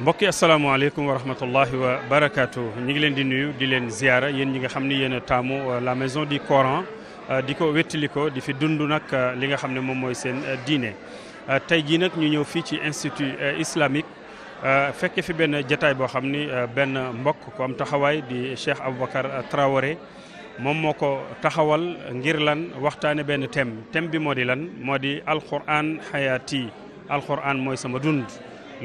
mbokk yi asalaamaaleykum wa rahmatullahi wa barakaatu ñu ngi leen di nuyu di leen ziara yéen ñi nga xam ne yéen a taamu la maison du Coran di ko wettali ko di fi dund nag li nga xam ne moom mooy seen diine tey jii nag ñu ñëw fii ci institut islamique fekke fi benn jataay boo xam ni benn mbokk ko am taxawaay di Cheikh Aboubacar Traoré moom moo ko taxawal ngir lan waxtaane benn thème thème bi moo di lan moo di alquran xayaati alquran mooy sama dund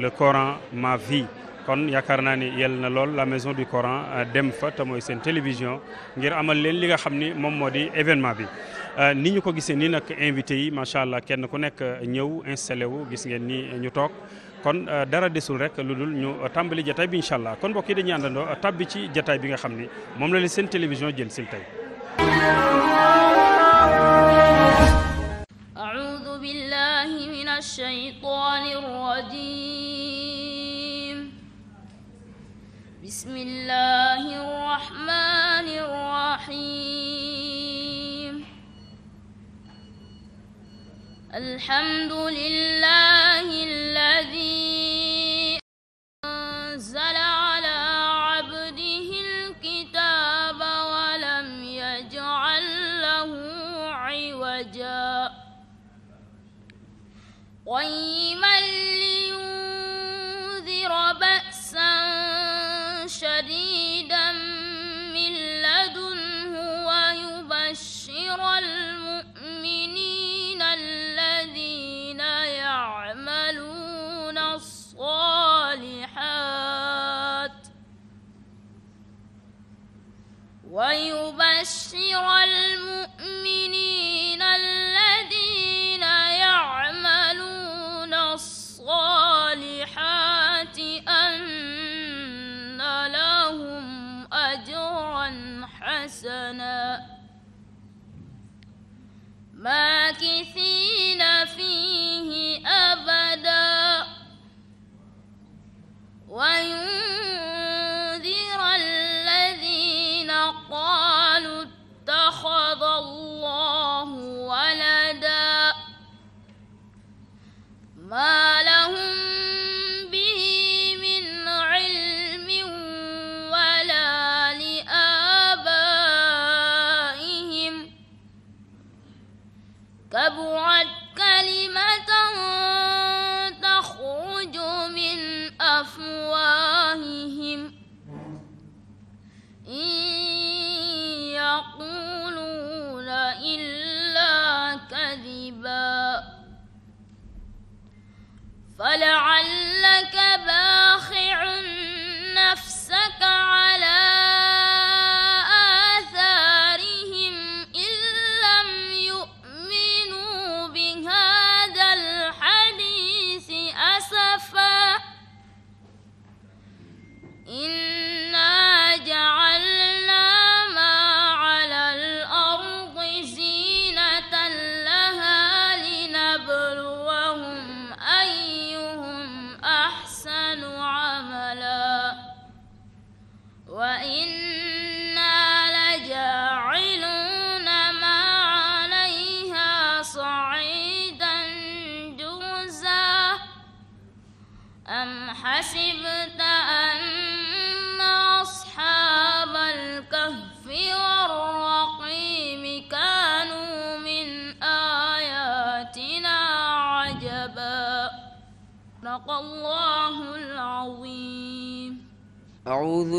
le Coran ma vie kon yaakaar naa ni yel na lool la maison du Coran euh, dem fa te mooy seen télévision ngir amal leen li nga xam ni moom moo di événement bi. Euh, ni ñu ko gisee nii nag invité yi macha allah kenn ku nekk ñëw installé wu gis ngeen ni ñu toog kon euh, dara desul rek lu dul ñu tàmbali jataay bi incha allah kon mbokk yi dañuy àndandoo ci jataay bi nga xam ni la leen télévision jël sil tey. الشيطان الرجيم بسم الله الرحمن الرحيم الحمد لله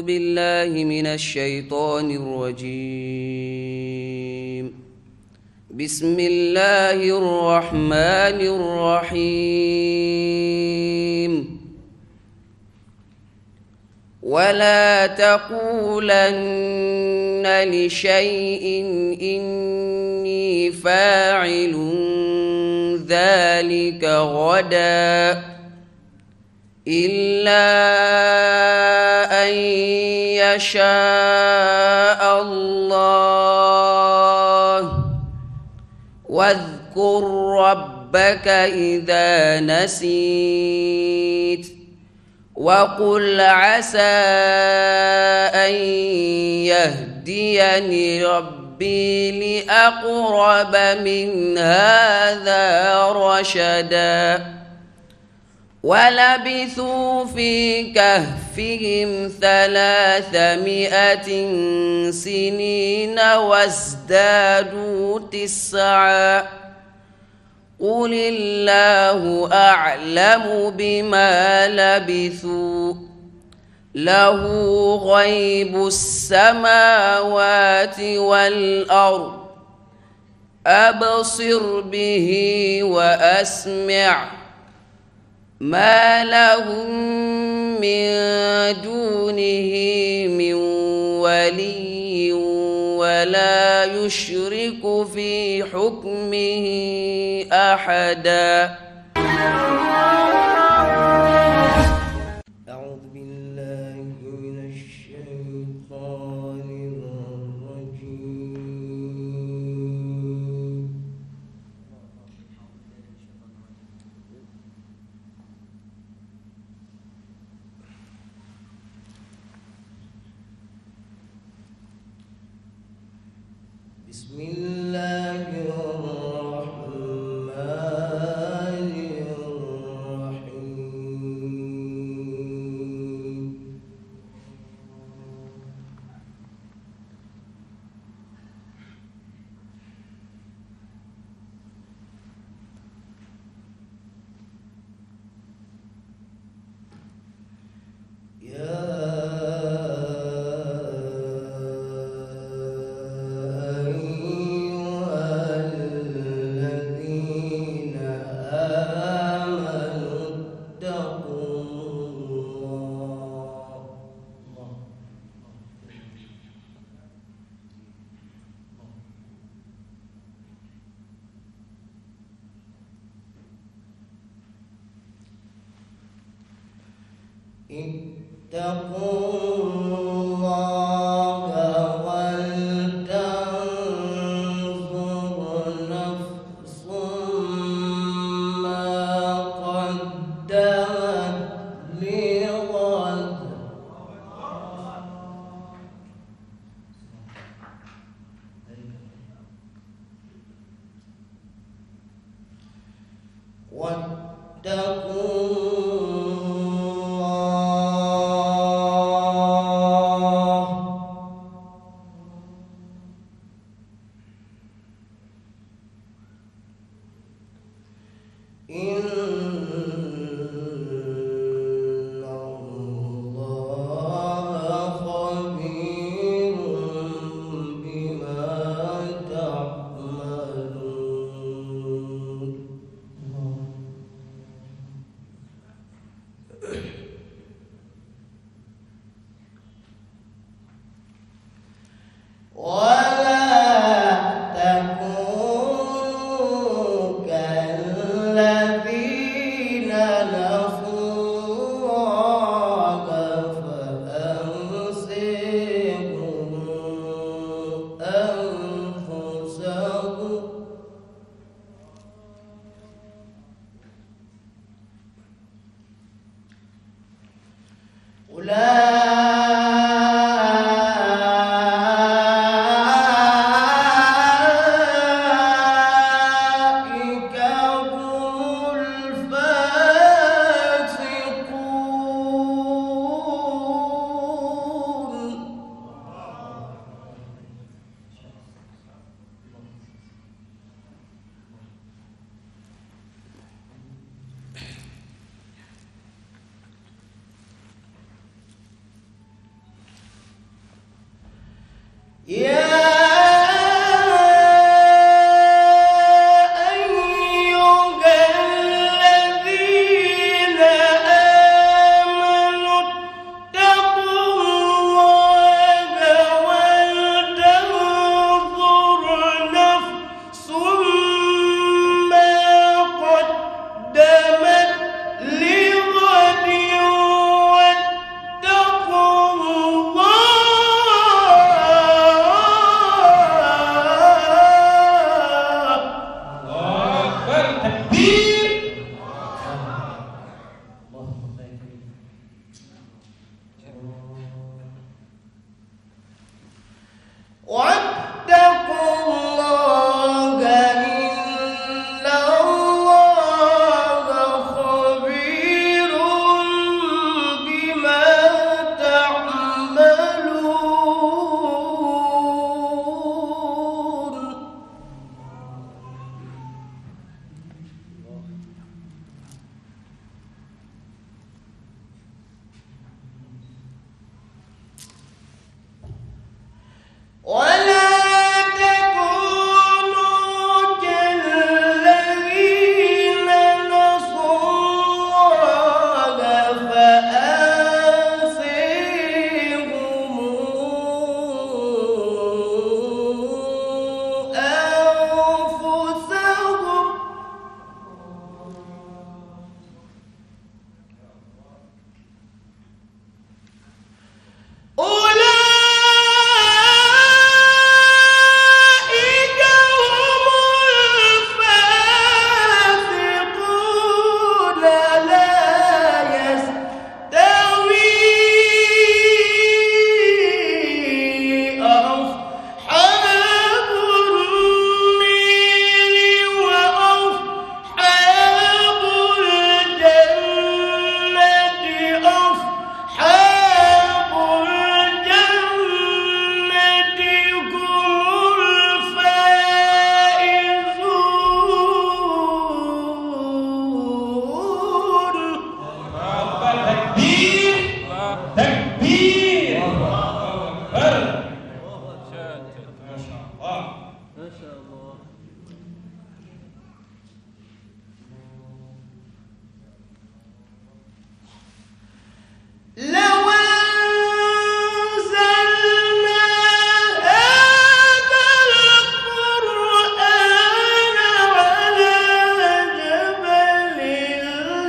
بالله من الشيطان الرجيم بسم الله الرحمن الرحيم ولا تقولن لشيء إني فاعل ذلك غدا إلا من يشاء الله واذكر ربك إذا نسيت وقل عسى أن يهديني ربي لأقرب من هذا رشداً ولبثوا في كهفهم ثلاثمائة سنين وازدادوا تسعا قل الله أعلم بما لبثوا له غيب السماوات والأرض أبصر به وأسمع ما لهم من دونه من ولي ولا يشرك في حكمه احدا Então, com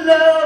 love.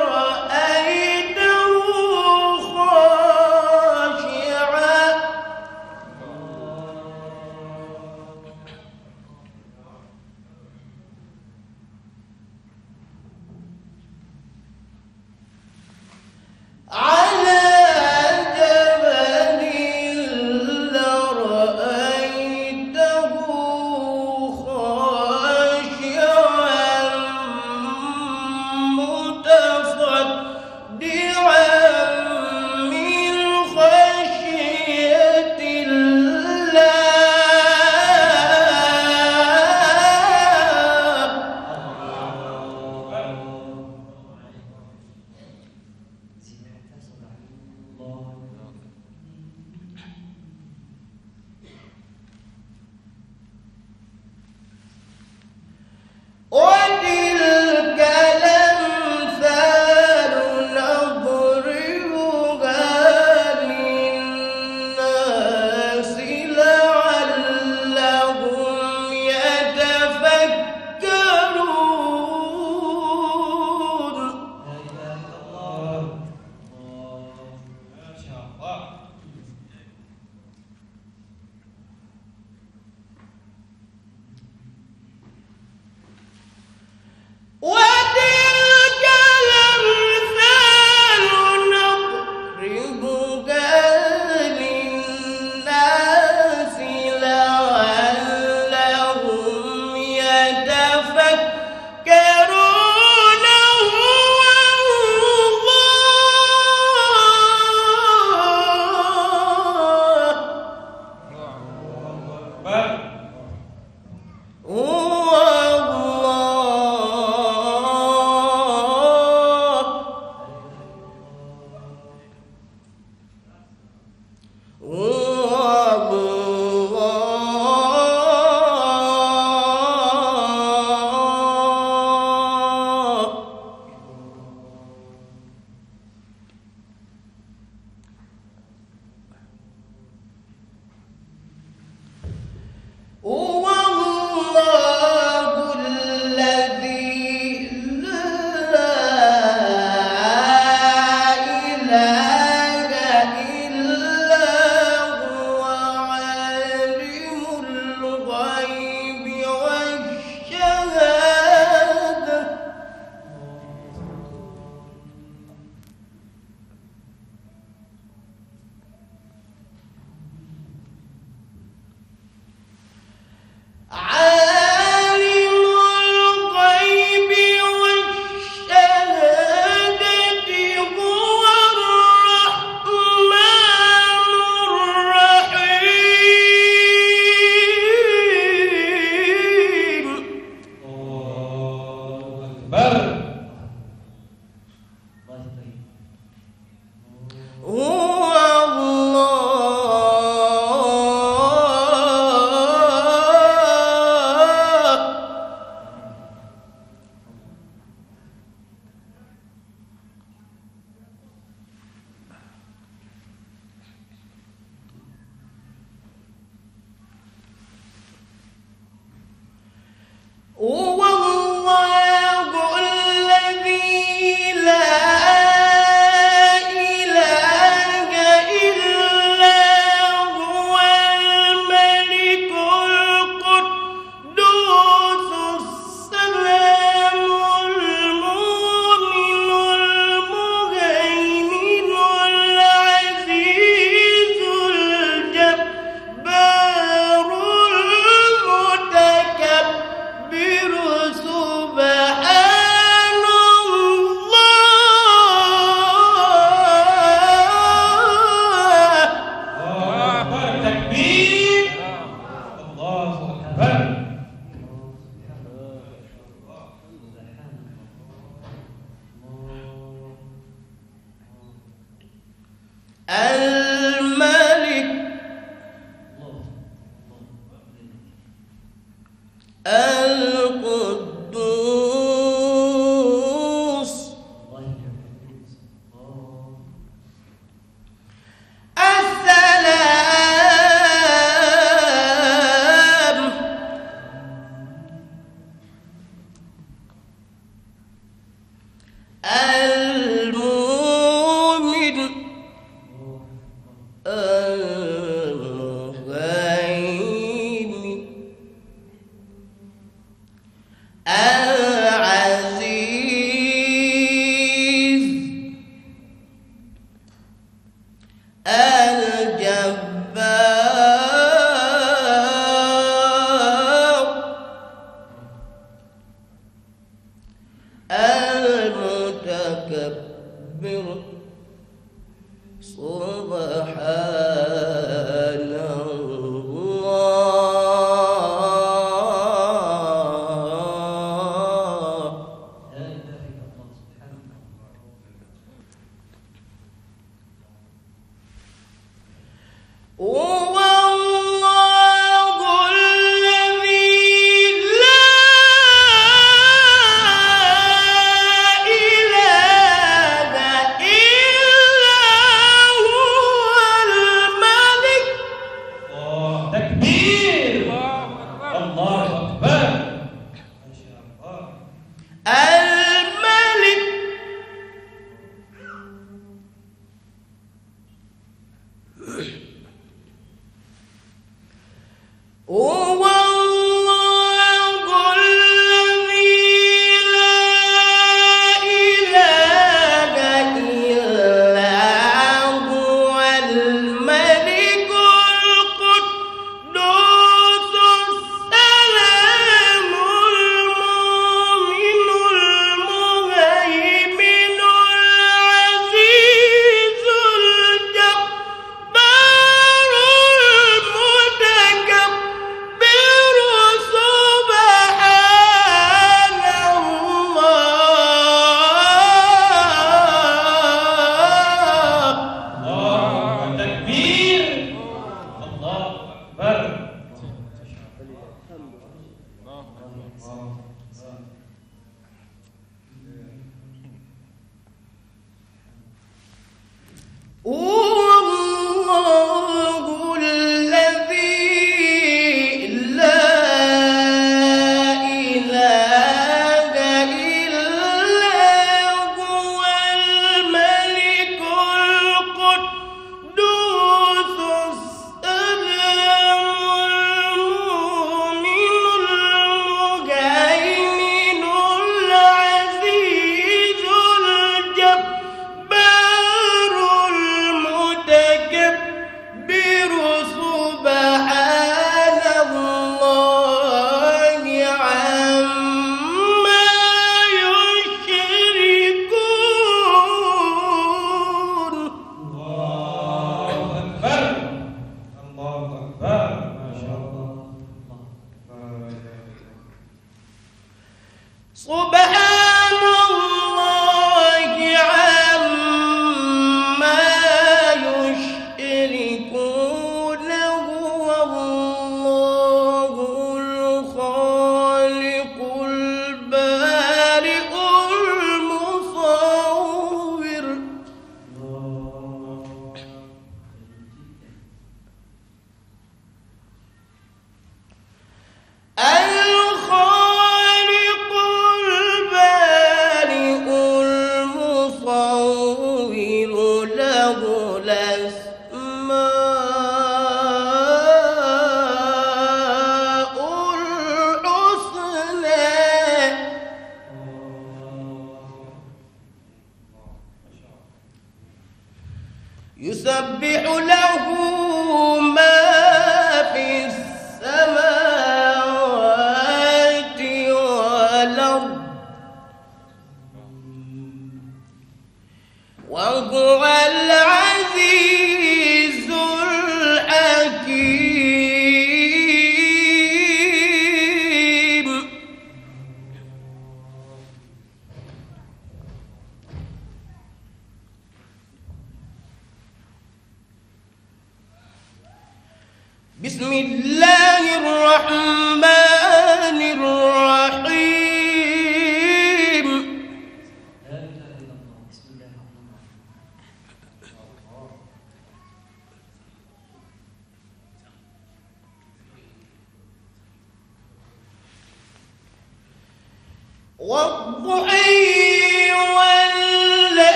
الله الرحمن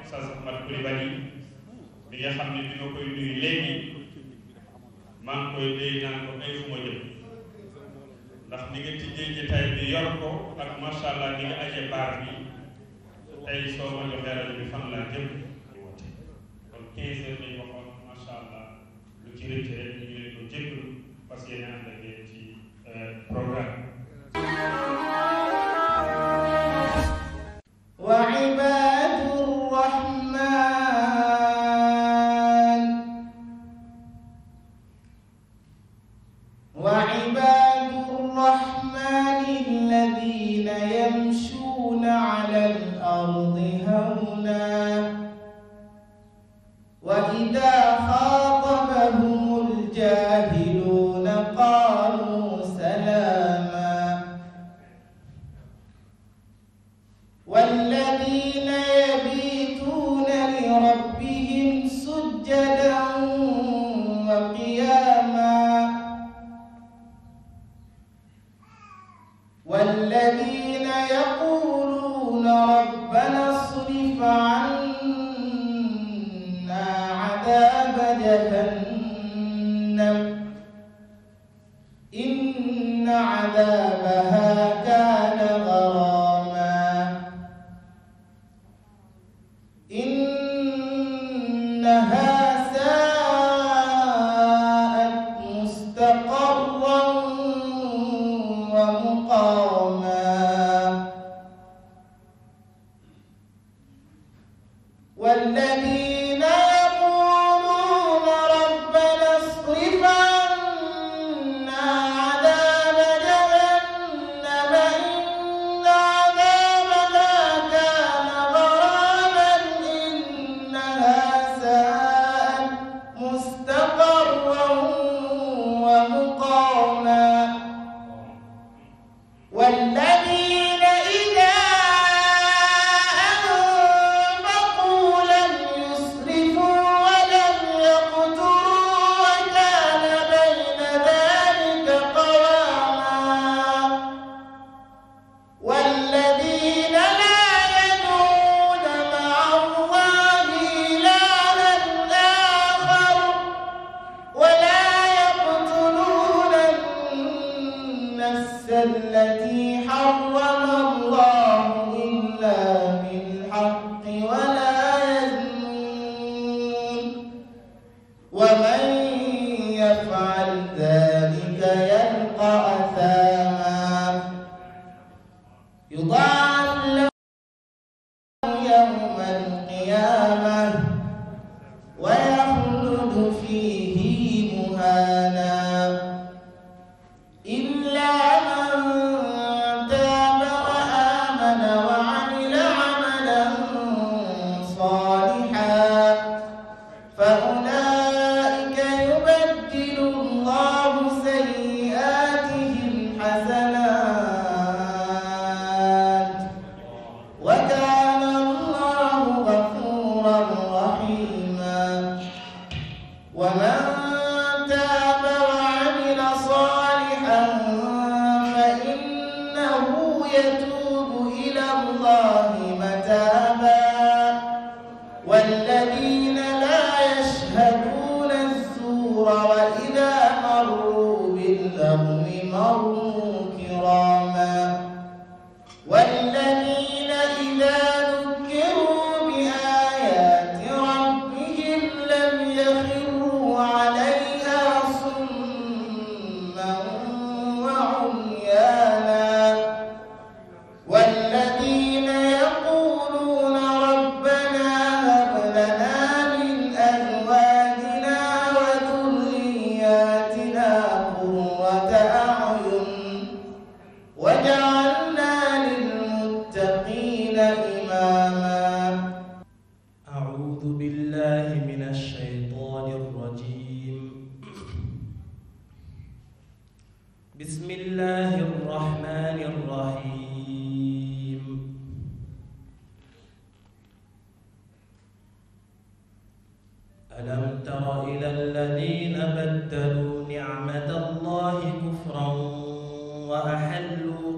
Oustaz Oumar Coulibaly mi nga xam bi ma koy nuyu léegi maa ngi koy nuyu naan ko ay fu ma jëm ndax ni nga tijjee jotaay bi yor ko ak macha allah ni nga aje baar bi soo ma joxee rajo bi fan laa jëm kon 15 heures lañu allah lu ci rëcc rek ñu ko jégalu parce que yéen a ànd ak عذاب جهنم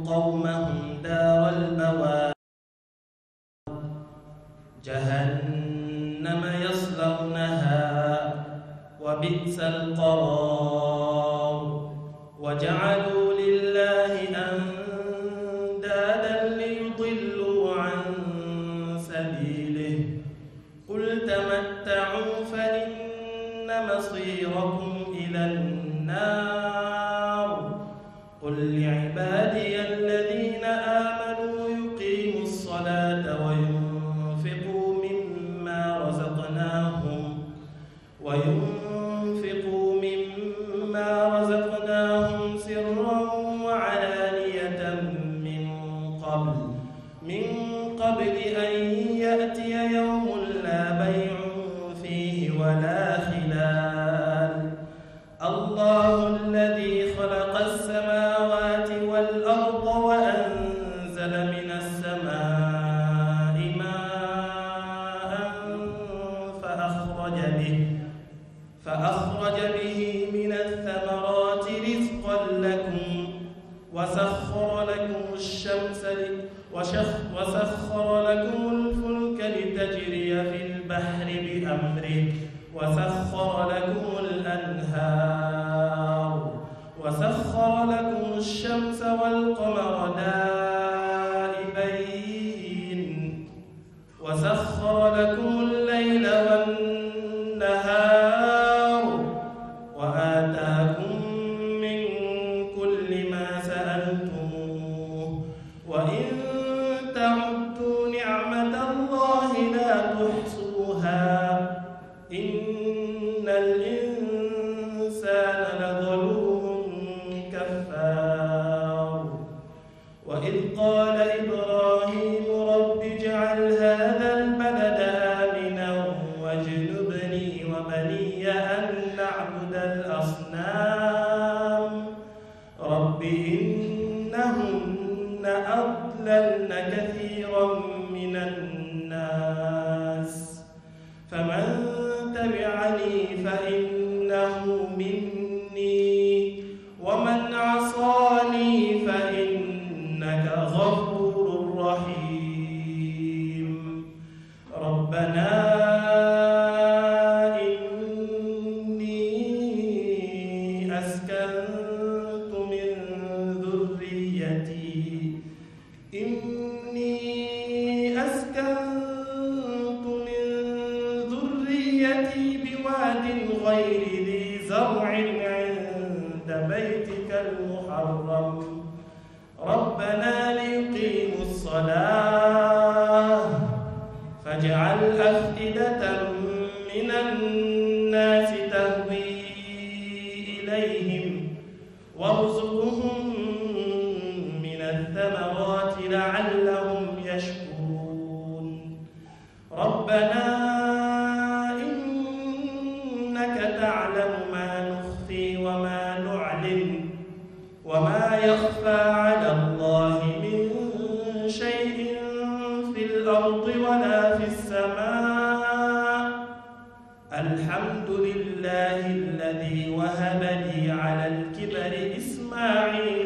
قومهم دار البوار جهنم يصلونها وبئس القرار وجعلوا لله أندادا ليضلوا عن سبيله قل تمتعوا فإن مصيركم إلى النار رزقا لكم وسخر لكم الشمس وسخر لكم الفلك لتجري في البحر بأمره وسخر لكم الأنهار وسخر لكم الشمس والقمر دائبين وسخر لكم não me الحمد لله الذي وهب لي على الكبر إسماعيل